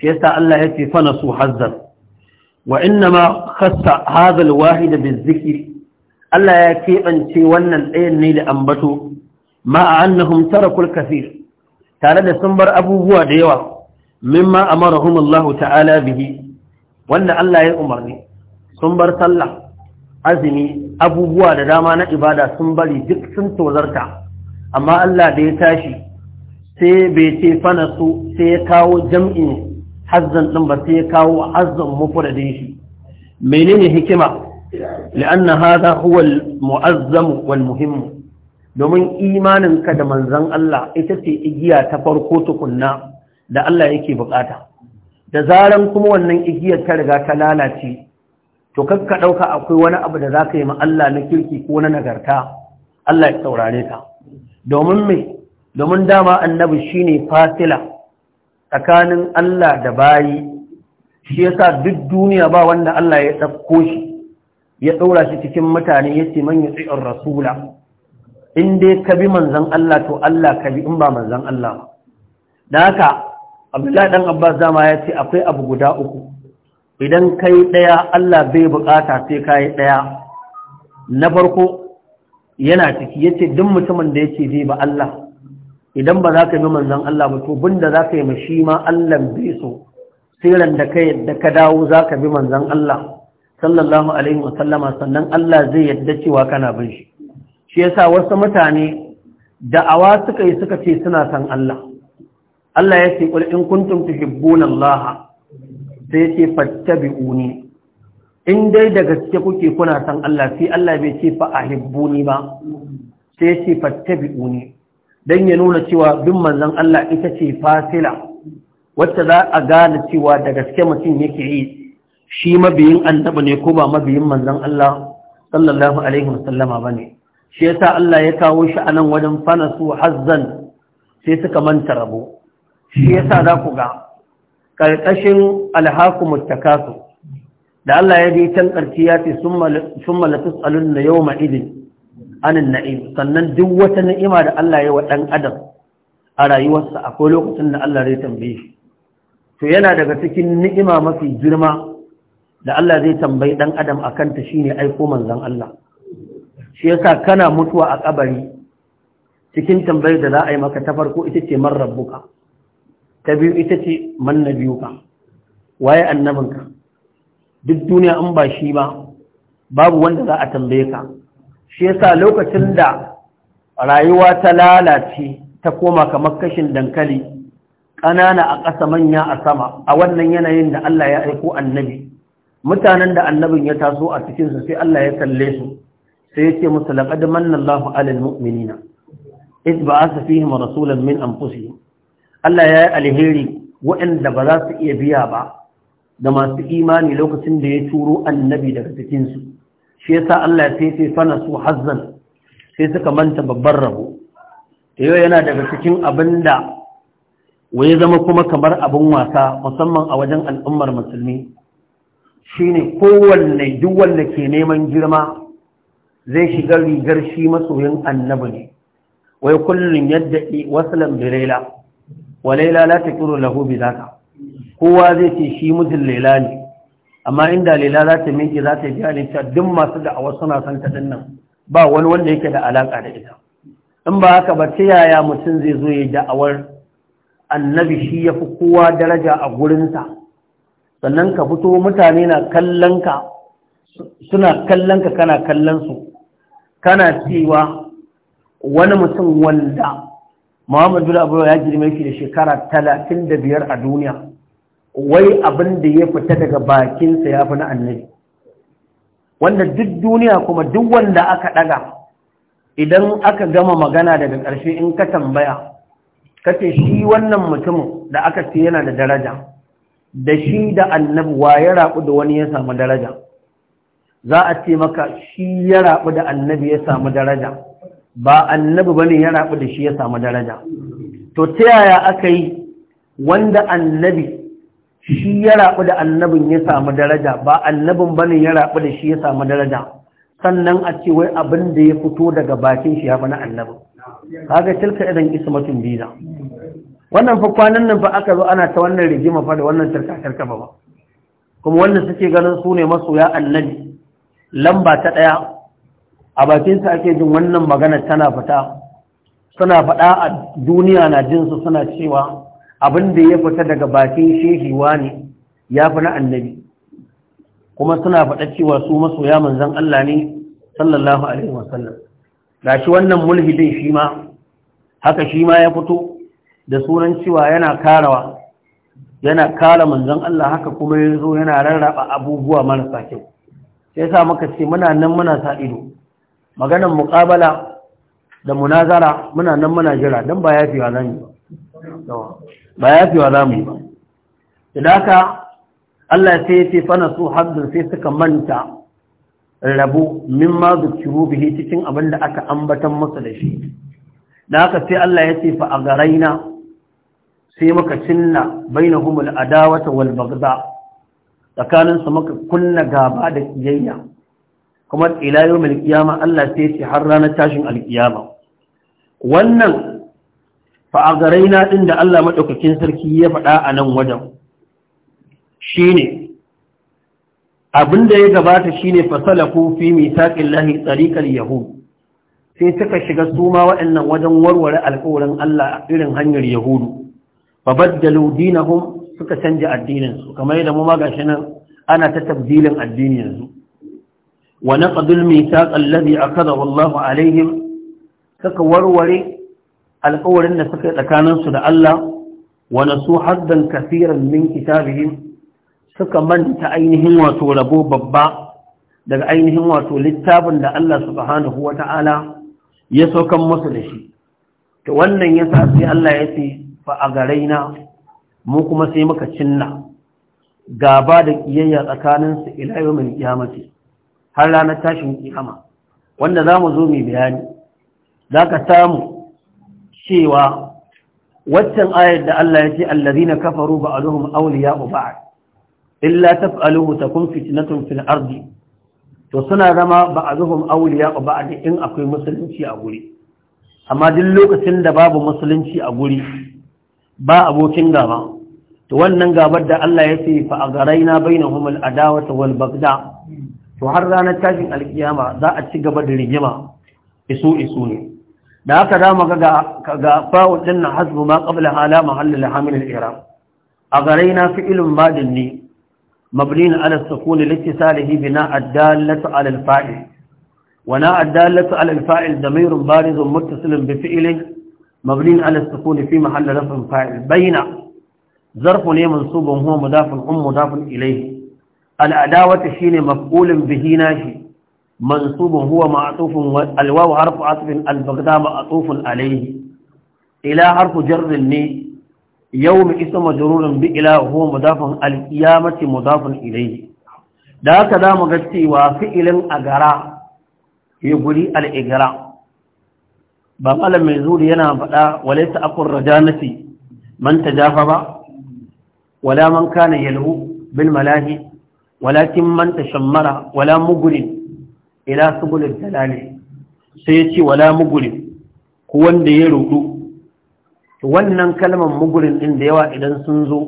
Speaker 1: shi yasa Allah ya ce fana su hazzar wa innama khassa hadha alwahid bizikri Allah ya keɓance wannan ɗayan ne da ambato ma annahum tarakul kathir tare da sun bar abubuwa da yawa mimma amarahum Allah ta'ala bihi wanda Allah ya umarni sun bar sallah azumi abubuwa da dama na ibada sun bari duk sun tozarta amma Allah da ya tashi sai bai ce fana su sai ya kawo jam'in hazzan ɗin ba sai ya kawo hazzan mufradin shi menene hikima li'anna hadha huwa al-mu'azzam wal muhim domin imanin ka da manzon Allah ita ce igiya ta farko tukunna da Allah yake bukata da zaran kuma wannan igiyar ta riga ta lalace to kakka ɗauka akwai wani abu da za ka yi ma Allah na kirki ko na nagarta Allah ya saurare ka domin me domin dama annabi shine fasila tsakanin Allah da bayi shi yasa duk duniya ba wanda Allah ya ɗauko shi ya ɗora shi cikin mutane ya ce man yi rasula in dai ka bi manzan Allah to Allah ka bi in ba manzan Allah da haka abdullahi dan abbas zama ya ce akwai abu guda uku idan ka yi ɗaya Allah bai buƙata sai ka yi ɗaya na farko yana ciki ya ce duk mutumin da ya ce zai ba Allah idan ba za ka bi manzon Allah ba to bunda za ka yi mashi ma Allah bai so siran da ka yadda ka dawo za ka bi manzon Allah sallallahu alaihi wa sannan Allah zai yadda cewa kana bin shi shi yasa wasu mutane da'awa suka yi suka ce suna san Allah Allah ya ce qul in kuntum tuhibbuna Allah sai ya ce fattabi'uni in dai da gaske kuke kuna san Allah sai Allah bai ce fa ahibbuni ba sai ce fattabi'uni don ya nuna cewa bin manzan Allah ita ce fasila wacce za a gane cewa da gaske mutum yake yi shi mabiyin annabi ne ko ba mabiyin manzan Allah sallallahu alaihi wasallama bane shi yasa Allah ya kawo shi a nan wajen fanasu hazzan sai suka manta rabo shi yasa za ku ga karkashin alhakumut takasu da Allah ya bi can karki ya ce summa latus'alun yawma idin anin na'im sannan duk wata ni'ima da Allah ya wa dan adam a rayuwarsa akwai lokacin da Allah zai tambaye shi to yana daga cikin ni'ima mafi girma da Allah zai tambayi dan adam akan ta shine aiko manzan Allah shi yasa kana mutuwa a kabari cikin tambayar da za a yi maka ta farko ita ce man rabbuka ta biyu ita ce man nabiyuka waye annabinka duk duniya in ba shi ba babu wanda za a tambaye ka shi yasa lokacin da rayuwa ta lalace ta koma kamar kashin dankali ƙanana a ƙasa manya a sama a wannan yanayin da Allah ya aiko annabi mutanen da annabin ya taso a cikinsu sai Allah ya kalle su sai ya ce musu laqad manna Allahu 'alal mu'minina id ba'atha fihim rasulan min anfusihim Allah ya yi alheri waɗanda ba za su iya biya ba da masu imani lokacin da ya turo annabi daga cikinsu shi yasa Allah sai ce fana su hazzan sai suka manta babban rabo yau yana daga cikin abinda waye zama kuma kamar abin wasa musamman a wajen al'ummar musulmi shine kowanne duk wanda ke neman girma zai shiga rigar shi masoyin annabi ne wai kullum yadda wasalan bilaila walaila la taqiru lahu bidaka kowa zai ce shi mutum laila ne amma inda lela za ta miƙe za ta biya ne cewa duk masu da'awar suna son ta dinnan ba wani wanda yake da alaƙa da ita in ba haka ba ta yaya mutum zai zo ya awar annabi shi ya fi kowa daraja a gurinsa sannan ka fito mutane na suna kallon ka kana kallon su kana cewa wani mutum wanda muhammadu abu ya girme shi da shekara talatin da biyar a duniya wai abin da ya fita daga bakinsa ya fi na annabi wanda duk duniya kuma duk wanda aka ɗaga idan aka gama magana daga ƙarshe in ka tambaya kace shi wannan mutumin da aka ce yana da daraja da shi da annabi wa ya rabu da wani ya samu daraja za a ce maka shi ya rabu da annabi ya samu daraja ba annabi bane ya rabu da shi ya samu daraja to ta yaya aka yi wanda annabi shi ya rabu da annabin ya samu daraja ba annabin bane ya rabu da shi ya samu daraja sannan a ce wai abin da ya fito daga bakin shi ya fi na annabin kaga tilka idan ismatun biza wannan fa kwanan nan fa aka zo ana ta wannan rigima fa da wannan tarka tarka ba kuma wannan suke ganin su ne masoya annabi lamba ta daya a bakin sa ake jin wannan magana tana fita suna faɗa a duniya na jin su suna cewa abin da ya fita daga bakin shehi wani ya fi na annabi kuma suna faɗa cewa su masoya manzan Allah ne sallallahu alaihi wasallam da shi wannan mulhidin shi ma haka shi ma ya fito da sunan cewa yana karawa yana kara manzan Allah haka kuma ya zo yana rarraba abubuwa marasa kyau sai sa muka ce muna nan muna sa ido maganan muƙabala da munazara muna nan muna jira don ba ya fi zan yi ba ya fi wa za mu yi ba aka Allah sai ce fana su haddun sai suka manta rabu ma zukiru bihi cikin abin da aka ambatan masa da shi da aka sai Allah ya ce fa a garaina sai muka cinna baina al-adawata wal baghdha tsakanin su muka kunna gaba da kiyayya kuma ila yawmil qiyama Allah sai ya ce har ranar tashin al wannan fa a na ɗin da Allah maɗaukakin sarki ya faɗa a nan wajen shi ne abin da ya gabata shi ne fasala ko fi misaƙin lahi tsarikar yahudu sai suka shiga suma waɗannan wajen warware alƙawarin Allah a irin hanyar yahudu babaddalu dinahum suka canja addininsu kamar yadda mu ma gashi nan ana ta tabdilin addini yanzu wa naqdul mithaq alladhi akadahu Allah alaihim suka warware alƙawarin da suka yi tsakaninsu da Allah wa nasu haddan kafiran min kitabihim suka manta ainihin wato rabo babba daga ainihin wato littafin da Allah subhanahu wata'ala ya saukan musu da shi to wannan yasa sai Allah ya ce fa a garaina mu kuma sai muka cinna gaba da kiyayya tsakaninsu ila yawmin kiyamati har ranar tashin kiyama wanda zamu zo mu bayani zaka samu cewa waccan ayar da Allah ya ce allazina kafaru ba'aluhum awliya'u ba'd illa taf'aluhu takun fitnatun fil ardi to suna zama ba'aluhum awliya'u ba'd in akwai musulunci a guri amma duk lokacin da babu musulunci a guri ba abokin gaba to wannan gabar da Allah ya ce fa agaraina bainahum al adawata wal bagda to har ranar tashin alkiyama za a ci gaba da rigima isu isu ne da aka dama ga fa’un ɗin na hasbu ma ƙabla hala mahallin lahamilin iran a garai na fi ilin majin ne mabilin alasakuni liki salihi bi na addalatu alalfa’il wa na addalatu alalfa’il da mairun barizon mutasilin bi fi ilin mabilin alasakuni fi mahallin rafin fa’il bayina zarfu ne mansubin huwa mudafin un um mudafin ilai al'adawata shi ne mafulin bihi na shi منصوب هو معطوف الواو حرف عطف البغداء معطوف عليه إلى حرف جر يوم اسم مجرور بإلى هو مضاف القيامة مضاف إليه da haka za mu ga cewa fi'ilin agara ya guri al'igara ba malam mai zuri yana faɗa wale ta akwai rajanati man ta jafa ba wala man kana yalhu bil malahi kin man ta shammara wala mugurin ila subulin dalali sai ya ce wala mugulin ko wanda ya rudu wannan kalmar mugulin din da yawa idan sun zo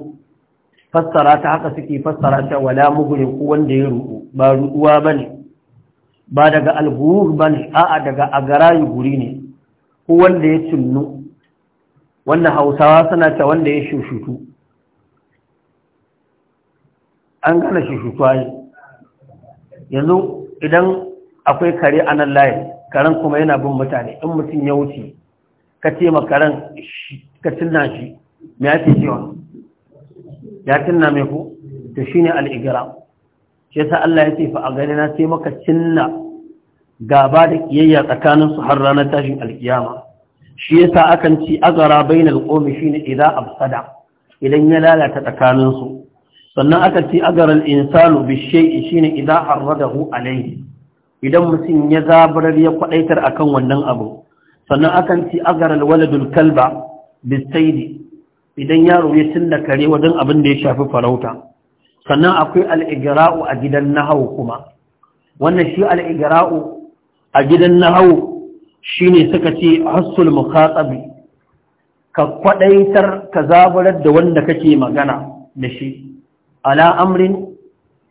Speaker 1: fassara ta haka suke fassara ta wala mugulin ko wanda ya rudu ba ruduwa bane ba daga ba bane a'a daga agarayi guri ne ko wanda ya cinnu wannan Hausawa suna ta wanda ya shushutu an gane shushutu ai yanzu idan akwai kare a nan layi karen kuma yana bin mutane in mutum ya wuce ka ce ma karen ka cinna shi me ake cewa ya cinna mai ku to shine al'igira shi yasa Allah ya ce fa a gani na sai maka cinna gaba da kiyayya tsakanin su har ranar tashin alkiyama shi yasa akan ci azara bainal qawmi shine absada idan ya lalata tsakaninsu? sannan aka ci agaral insanu bishai shine idza harradahu alayhi idan mutum ya zabarar ya kwadaitar akan wannan abu sannan akan ci agaral waladul kalba bisaidi idan yaro ya tunda kare wajen abin da ya shafi farauta sannan akwai al'igra'u a gidan nahawu kuma wannan shi igra'u a gidan nahawu shine suka ce hassul mukhatabi ka kwadaitar ka zabarar da wanda kake magana da shi ala amrin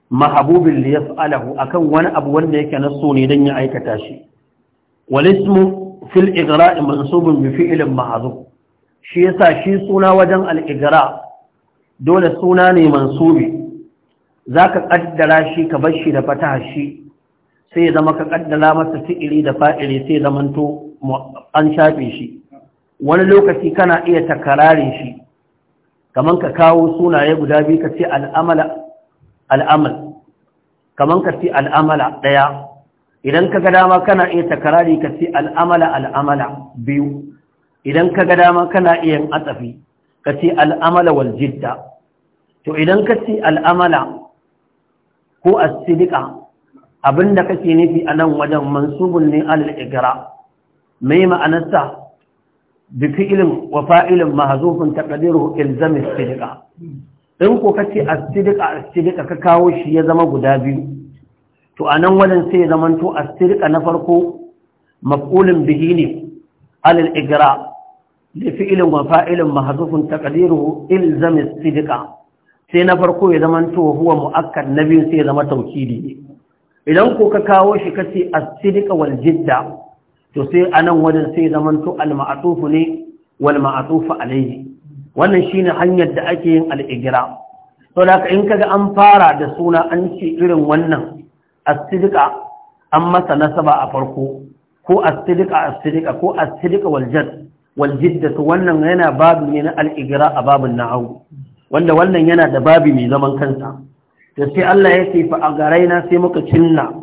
Speaker 1: mahabubin da ya fa'alahu a kan wani abu wanda yake na so ne don ya aikata shi su fil igra'i mansubin bifi ilin mahazu shi ya sa shi suna wajen al'igara. dole suna ne mansubi za ka ƙaddara shi ka bar shi da fata shi sai ya zama ka ƙaddara masa fi'ili da fa'ili sai zamanto an shafe shi wani lokaci kana iya takarare shi kamar ka kawo sunaye guda biyu ka ce al'amala al'amal kamar ka ce al'amala ɗaya idan ka ga dama kana iya takarari ka ce al'amala al'amala biyu idan ka ga dama kana iya atsafi ka ce al'amala wal jidda to idan ka ce al'amala ko asidika abinda kake nufi a nan wajen mansubin ne alal mai ma'anarsa bi fi'ilin wa fa'ilin mahzufun taqdiruhu ilzamin sidika in ko kace a sidqa a ka kawo shi ya zama guda biyu to a nan wajen sai ya zama to a na farko maf'ulun bihi ne alal igra li ilin wa fa'ilin mahdhufun takadiru il as sai na farko ya zama to huwa muakkad na biyu sai ya zama taukidi idan ko ka kawo shi kace a sidqa wal jidda to sai a nan wajen sai ya zama to al ne wal ma'tuf alayhi wannan shine hanyar da ake yin al'igira Sau da in kaga an fara da suna an ce irin wannan asidika an masa nasaba a farko ko asidika asidika ko asidika waljad wannan yana babu ne na al'igira a babin nahawu wanda wannan yana da babi mai zaman kansa da sai Allah ya ce fa a garaina sai muka cinna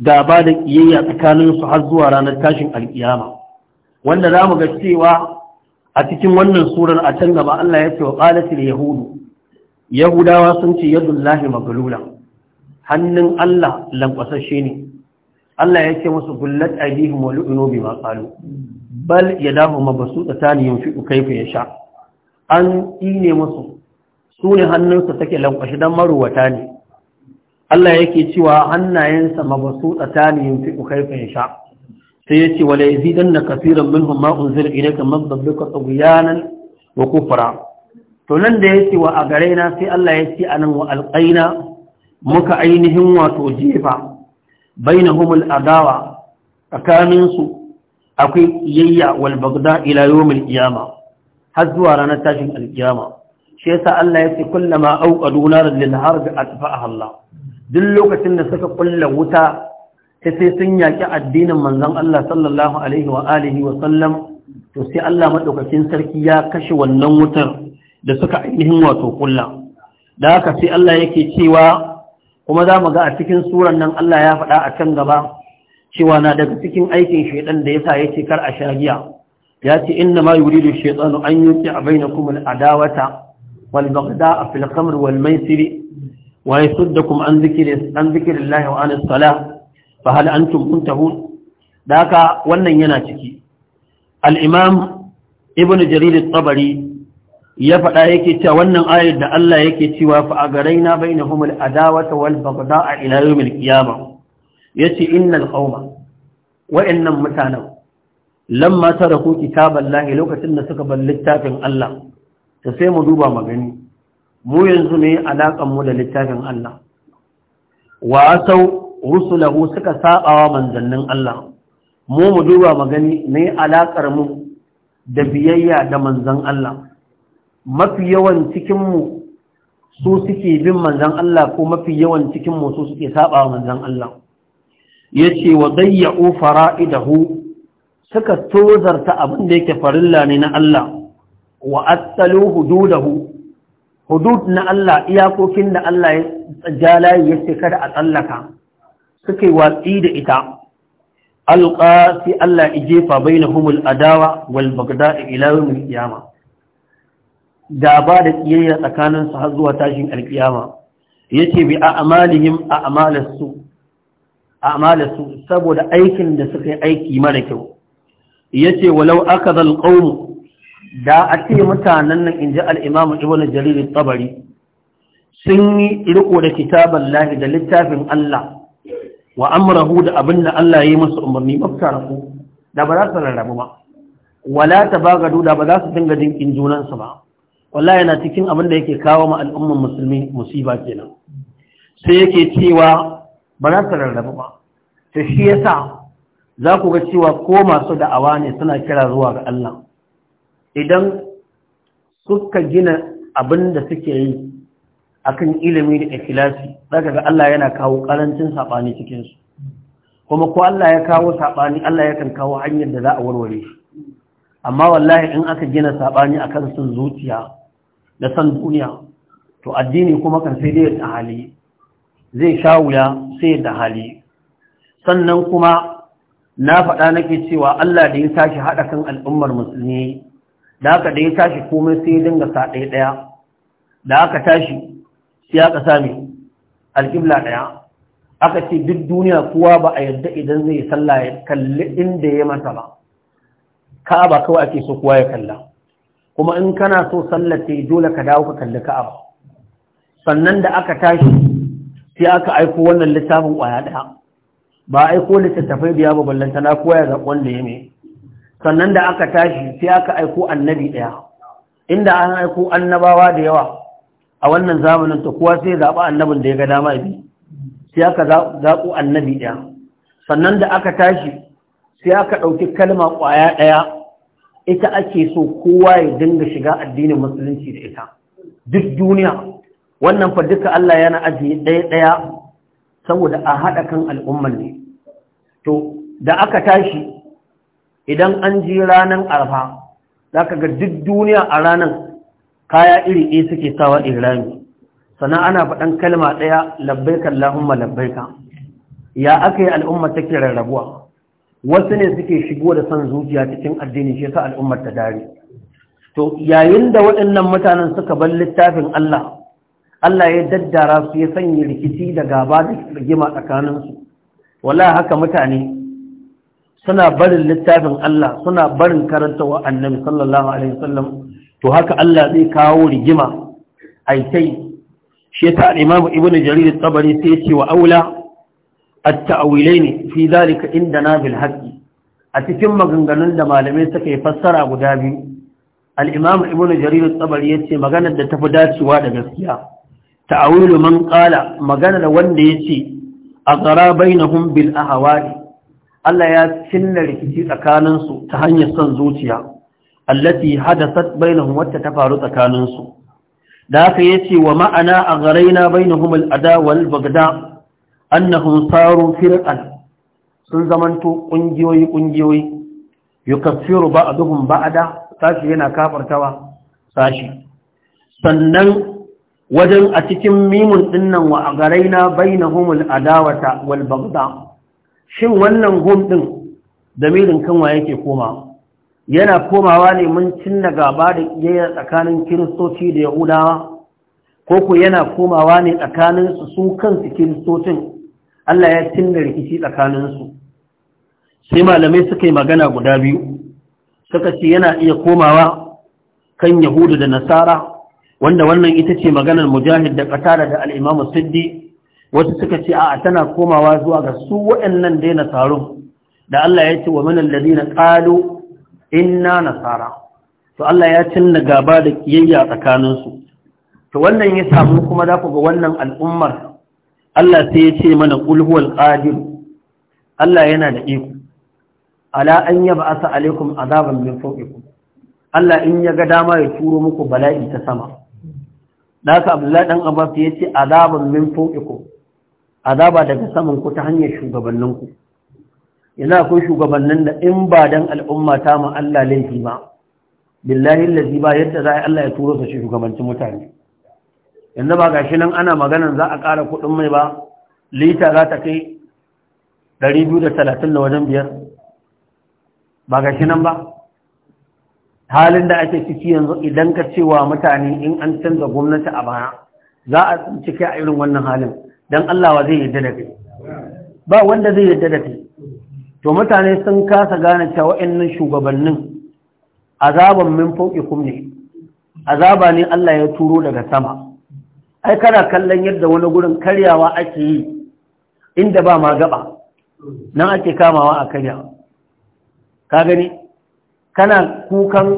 Speaker 1: gaba da ƙiyayya tsakanin su har zuwa ranar tashin alkiyama wanda zamu ga cewa a cikin wannan surar a can gaba Allah ya ce wa qalatil yahudu yahudawa sun ce yadullahi maglula hannun Allah lankwasashe ne Allah ya ce musu gullat aidihim wa lu'inu bima qalu bal yadahu tani yunfiqu kayfa yasha an ine musu su ne hannunsa take lankwashi dan maruwata ne Allah yake cewa hannayensa tani yunfiqu kayfa yasha sai yace wala yazidanna kaseeran minhum ma unzila ilayka min rabbika tughyanan wa kufra to nan da ce wa a gare na sai Allah ya ce anan wa alƙaina muka ainihin wato jefa na humul adawa tsakanin su akwai yayya wal bagda ila yawm har zuwa ranar tashin al shi yasa Allah yace kullama auqadu naran lil harb a Allah duk lokacin da suka kulla wuta ta sai sun yaƙi addinin manzon Allah sallallahu alaihi wa alihi wa sallam to sai Allah maɗaukakin sarki ya kashe wannan wutar da suka ainihin wato kulla da haka sai Allah yake cewa kuma za mu ga a cikin suran nan Allah ya faɗa a can gaba cewa na daga cikin aikin shaidan da yasa yake kar a shagiya ya ce inna ma yuridu shaytanu an a bainakum kuma adawata wal baghda'a a filkamar wal maisir wa yasuddakum an kuma an dhikrillahi wa an salah fa hal antum muntahun da haka wannan yana ciki al-imam ibnu jarir at ya faɗa yake cewa wannan ayar da Allah yake cewa fa agaraina bainahum al-adawata wal a ila yawm al-qiyamah yace innal qauma wa'annan mutanen lamma taraku kitaballahi lokacin da suka bar littafin Allah to sai mu duba magani mu yanzu ne alakan mu da littafin Allah wa asau rusulahu suka sabawa manzannin Allah mu mu duba magani ne alakar mu da biyayya da manzan Allah mafi yawan cikin mu su suke bin manzan Allah ko mafi yawan cikin mu su suke sabawa manzan Allah yace wa dayya'u fara'idahu suka tozarta abin da yake farilla ne na Allah wa asalu hududahu hudud na Allah iyakokin da Allah ya jalaye ya ce kada a tsallaka suka yi watsi da ita alqa sai Allah ya jefa humul adawa wal bagda ila yawmil qiyama da ba da tsiyayya tsakanin su har zuwa tashin alkiyama yace bi a'malihim a'malasu a'malasu saboda aikin da suka yi aiki mara kyau yace walau aka alqawm da a ce mutanen nan in ji imam ibnu jarir tabari sun yi riko da kitaban lahi da littafin Allah wa amrahu da abin da Allah ya yi masa umarni mabtaraku da ba za su rarrabu ba wala ta baga da ba za su dinga jinkin junansu ba Wala yana cikin abin da yake kawo ma al'umman musulmi musiba kenan sai yake cewa ba za su rarrabu ba ta shi yasa za ku ga cewa ko masu da'awa ne suna kira zuwa ga Allah idan suka gina abin da suke yi akan ilimi da ikhlasi daga ga Allah yana kawo karancin sabani cikin su kuma ko Allah ya kawo sabani Allah yakan kawo hanyar da za a warware shi amma wallahi in aka gina sabani akan sun zuciya da san duniya to addini kuma kan sai dai ya hali zai sha wuya sai da hali sannan kuma na faɗa nake cewa Allah da ya tashi haɗa kan al'ummar musulmi da aka da ya tashi komai sai ya dinga sa ɗaya ɗaya da aka tashi sai aka sami alƙibla ɗaya aka ce duk duniya kowa ba a yadda idan zai sallah ya kalli inda ya mata ba ka'aba kawai ake so kowa ya kalla kuma in kana so sallar ta dole ka dawo ka kalli ka'aba sannan da aka tashi sai aka aiko wannan littafin ƙwaya ɗaya ba aiko littattafai da ya ballanta na kowa ya zaɓi wanda ya mai sannan da aka tashi sai aka aiko annabi ɗaya inda an aiko annabawa da yawa a wannan zamanin ta kowa sai zaɓa annabin da ya ga dama bi sai aka zaɓo annabi ɗaya sannan da aka tashi sai aka ɗauki kalma ƙwaya ɗaya ita ake so kowa ya dinga shiga addinin musulunci da ita duk duniya wannan fa duka Allah yana ajiye ɗaya ɗaya saboda a haɗa kan al'umman ne to da aka tashi idan an ji ranar arfa za ka ga duk duniya a ranar kaya iri ɗaya suke sawa ihrami sannan ana faɗan kalma ɗaya labbaika Allahumma labbaika ya aka yi al'ummar take rarrabuwa wasu ne suke shigo da son zuciya cikin addini shi yasa al'ummar ta dare to yayin da waɗannan mutanen suka bar littafin Allah Allah ya daddara su ya sanya rikici da gaba da rigima tsakaninsu wala haka mutane suna barin littafin Allah suna barin karanta wa annabi sallallahu alaihi wasallam to haka Allah zai kawo rigima aitai shi ta al Ibn Jarir al-Tabari sai ce wa aula a ta'awilai ne fi zalika inda bil haqqi a cikin maganganun da malamai suka yi fassara guda biyu Alimamu Ibn Jarir al ya yace maganar da tafi dacewa da gaskiya ta'awilu man ƙala maganar wanda ya yace aqra bainahum bil ahwa'i Allah ya cinna rikici tsakaninsu ta hanyar son zuciya allati hadasat bainahum wata ta faru tsakanin su da aka yace wa ma'ana a garaina bainahum al-ada wal bagda annahum saru firqan sun zamanto kungiyoyi kungiyoyi yukaffiru ba'dhum ba'da sashi yana kafartawa sashi sannan wajen a cikin mimun dinnan wa a garaina bainahum al-adawata wal bagda shin wannan gum din damirin kanwa yake komawa yana komawa ne mun cinna gaba da yaya tsakanin kiristoci da yahudawa ko ku yana komawa ne tsakanin su kansu kiristocin Allah ya cinna rikici tsakaninsu sai malamai suka yi magana guda biyu suka ce yana iya komawa kan yahudu da nasara wanda wannan ita ce maganar mujahid da katara da al'imamu siddi wasu suka ce a tana komawa zuwa ga su waɗannan daina taron da Allah ya ce wa manan lalina ƙalo inna nasara to Allah ya da gaba da kiyayya tsakaninsu to wannan ya samu kuma za ku ga wannan al'ummar Allah sai ya ce mana qul huwal Allah yana da iko ala an asa alaikum azaban min fawqikum Allah in ya ga dama ya turo muku bala'i ta sama daka Abdullahi dan Abbas ya ce azaban min fawqikum azaba daga saman ku ta hanyar shugabanninku ku Ina akwai shugabannin da in ba dan al'umma ta ma Allah laifi ba billahi allazi ba yadda za a Allah ya turo su shugabancin mutane yanzu ba gashi nan ana maganan za a ƙara kuɗin mai ba lita za ta kai ɗari biyu da talatin da wajen biyar ba gashi nan ba halin da ake ciki yanzu idan ka ce wa mutane in an canza gwamnati a baya za a cike a irin wannan halin don Allah wa zai yadda da kai ba wanda zai yadda da kai to mutane sun kasa gane cewa wa'annan shugabannin azaban min fawqikum ne azaba ne Allah ya turo daga sama ai kana kallon yadda wani gurin karyawa ake yi inda ba ma gaba nan ake kamawa a karya ka gani kana kukan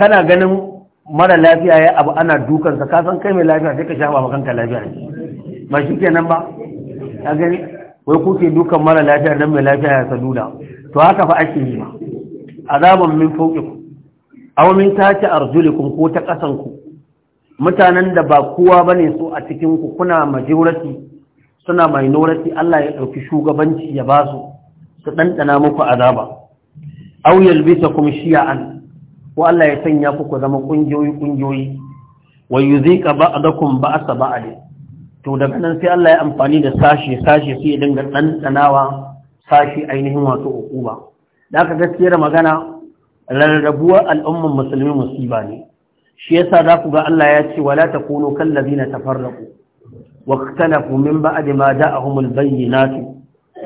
Speaker 1: kana ganin mara lafiya ya abu ana dukansa kasan kai mai lafiya sai ka shafa makanka lafiya ne ba shi kenan ba ka gani wai kuke dukan mara lafiya don mai lafiya ya salula to haka fa ake yi azaban min ku. aw min tati arjulikum ko ta kasan ku mutanen da ba kowa bane so a cikin ku kuna majority suna minority Allah ya ɗauki shugabanci ya ba su su ɗanɗana muku azaba aw yalbisakum shi'an ko Allah ya sanya ku ku zama kungiyoyi kungiyoyi wa yuziqa ba'dakum ba'sa ba'd to daga nan sai Allah ya amfani da sashe sashe sai ga dinga ɗanɗanawa sashe ainihin wato ukuba da aka gaskiyar magana rarrabuwar al'umman musulmi musiba ne shi yasa za ku ga Allah ya ce wala takunu kallazina tafarraqu واختلفوا من بعد ما Sai البينات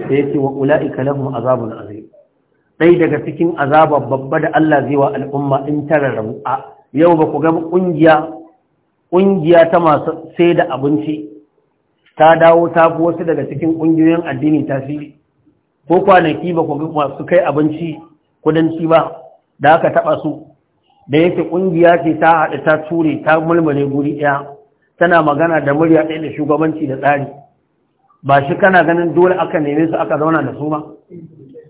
Speaker 1: فيتي واولئك لهم عذاب عظيم dai daga cikin azaba babba da Allah zai wa al'umma in tararrabu a yau ba ku ga kungiya kungiya ta masu sai da abinci ta dawo ta fi wasu daga cikin ƙungiyoyin addini tasiri ko kwanaki ba ku masu kai abinci kudanci ba da aka taɓa su da yake ƙungiya ce ta haɗa ta ture ta mulmule guri ɗaya tana magana da murya ɗaya da shugabanci da tsari ba shi kana ganin dole aka neme su aka zauna da su ba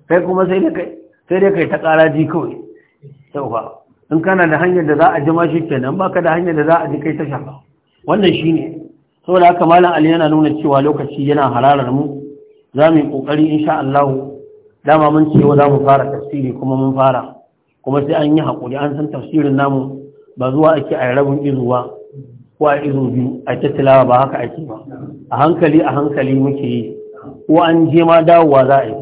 Speaker 1: kai kuma sai dai kai Sai kai ta ƙara ji kawai sau ba in kana da hanyar da za a ji ma shi kenan ba ka da hanyar da za a ji kai ta shafa wannan shi ne saboda haka malam ali yana nuna cewa lokaci yana halarar mu za mu yi ƙoƙari insha Allah dama mun ce za mu fara tafsiri kuma mun fara kuma sai an yi haƙuri an san tafsirin namu ba zuwa ake a rabin izuwa ko a izu biyu a tattalawa ba haka ake ba a hankali a hankali muke yi ko an je ma dawowa za a yi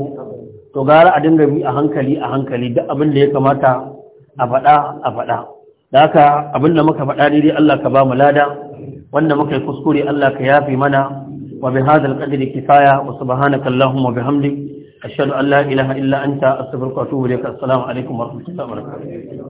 Speaker 1: to gara a dinga bi a hankali a hankali duk abin da ya kamata a faɗa a faɗa da haka abin da muka faɗa daidai Allah ka ba mu lada wanda muka yi kuskure Allah ka yafi mana wa bi hadal qadri kifaya wa subhanaka allahumma wa bihamdik ashhadu an la ilaha illa anta astaghfiruka wa atubu ilaik assalamu alaikum wa rahmatullahi wa barakatuh